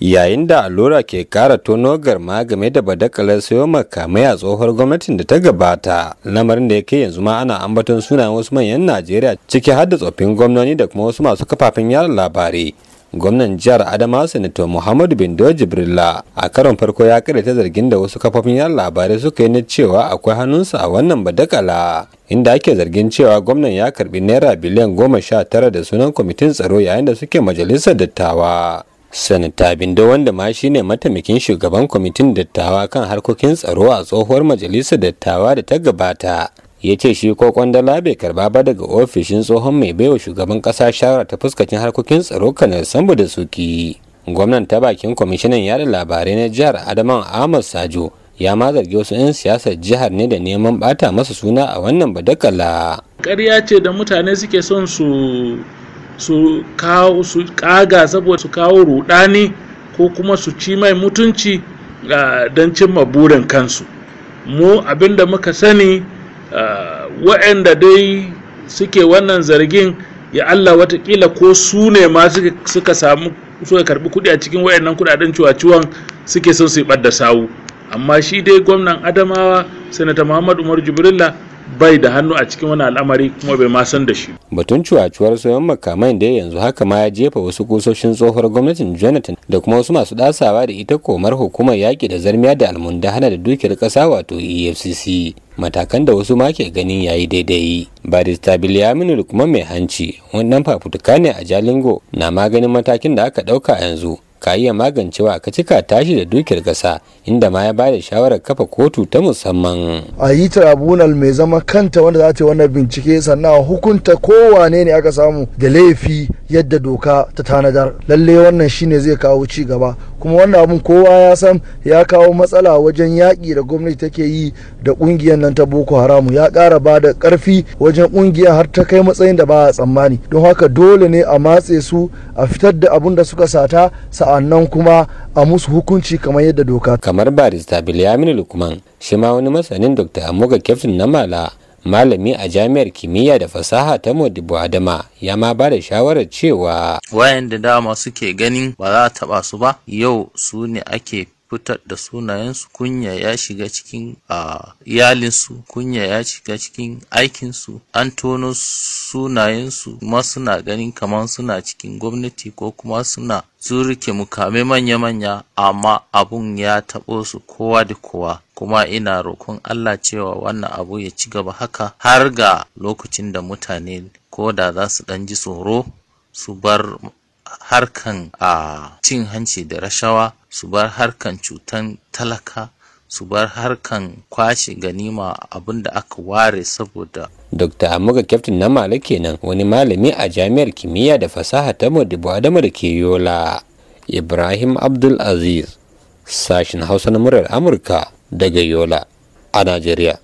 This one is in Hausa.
yayin da allura ke kara tono garma game da badakalar sayo makamai a tsohuwar gwamnatin da ta gabata lamarin da yake yanzu ma ana ambaton suna wasu manyan najeriya ciki har da tsoffin gwamnoni da kuma wasu masu kafafen yara labarai gwamnan jihar adama sanato muhammadu bindo jibrilla a karon farko ya ta zargin da wasu kafofin yara labarai suka yi na cewa akwai hannunsa a wannan badakala inda ake zargin cewa gwamnan ya karbi naira biliyan goma sha tara da sunan kwamitin tsaro yayin da suke majalisar dattawa sanata bindo wanda ma ne mataimakin shugaban kwamitin dattawa kan harkokin tsaro a tsohuwar majalisar dattawa da ta gabata ya ce shi ko kwandala bai karba ba daga ofishin tsohon mai baiwa shugaban kasa shawara ta fuskacin harkokin tsaro kan Sambu da suki gwamnan ta bakin kwamishinan yada labarai na jihar adamawa ahmad sajo ya ma zargi wasu 'yan siyasar jihar ne da neman bata masa suna a wannan badakala ƙarya ce da mutane suke son su su kawo kaga saboda su kawo rudani ko kuma su ci mai mutunci don cimma burin kansu mu abinda muka sani waɗanda dai suke wannan zargin ya Allah watakila ko su ne ma suka samu suka karbi kuɗi a cikin wayannan kuɗaɗen ciwon suke son su yi ɓadda sawu amma shi dai gwamnan adamawa sanata muhammad umar jibrilla bai da hannu a cikin wani al'amari kuma bai ma san da shi batun cuwacuwar soyon makamai da yanzu haka ma ya jefa wasu kusoshin tsohuwar gwamnatin jonathan da kuma wasu masu dasawa da ita komar hukumar yaƙi da zarmiya da hana da dukiyar ƙasa wato efcc matakan da wasu ma ke ganin yayi daidai barista da kuma mai hanci wannan fafutuka ne a jalingo na maganin matakin da aka ɗauka yanzu ka iya magancewa ka cika tashi da dukiyar ƙasa inda ma ya ba da shawarar kafa kotu ta musamman a yi tribunal mai zama kanta wanda za ta yi wannan bincike sannan hukunta kowane ne aka samu da laifi yadda doka ta tanadar lalle wannan shine zai kawo ci gaba kuma wannan abun kowa ya san ya kawo matsala wajen yaƙi da gwamnati take yi da ƙungiyar nan ta boko haramu ya ƙara ba da ƙarfi wajen ƙungiyar har ta kai matsayin da ba a tsammani don haka dole ne a matse su a fitar da abun da suka sata sa'annan kuma a musu hukunci kamar yadda doka kamar barista bilyamin lukman shi ma wani masanin dr amuga kyaftin na mala malami a jami'ar kimiyya da fasaha ta modibo adama ya ma ba da shawarar cewa wayan da dama suke ganin ba za a taba su ba yau su ne ake fitar da sunayensu kunya ya shiga cikin iyalinsu kunya ya shiga cikin aikinsu an tono sunayensu kuma suna ganin kamar suna cikin gwamnati ko kuma suna zurike mukamai manya-manya amma abun ya taɓo su kowa da kowa kuma ina roƙon Allah cewa wannan abu ya ci gaba haka har ga lokacin da mutane ko da za su ɗan ji tsoro su bar harkan a cin hanci da rashawa su bar harkan cutan talaka su bar harkan kwashe ganima abin da aka ware saboda Dr. Amuga Kyaftin na Mala kenan wani malami a jami'ar kimiyya da fasaha ta Modibo Adamu da ke Yola. Ibrahim Abdul Aziz, sashen Hausa na murar Amurka daga Yola a Najeriya.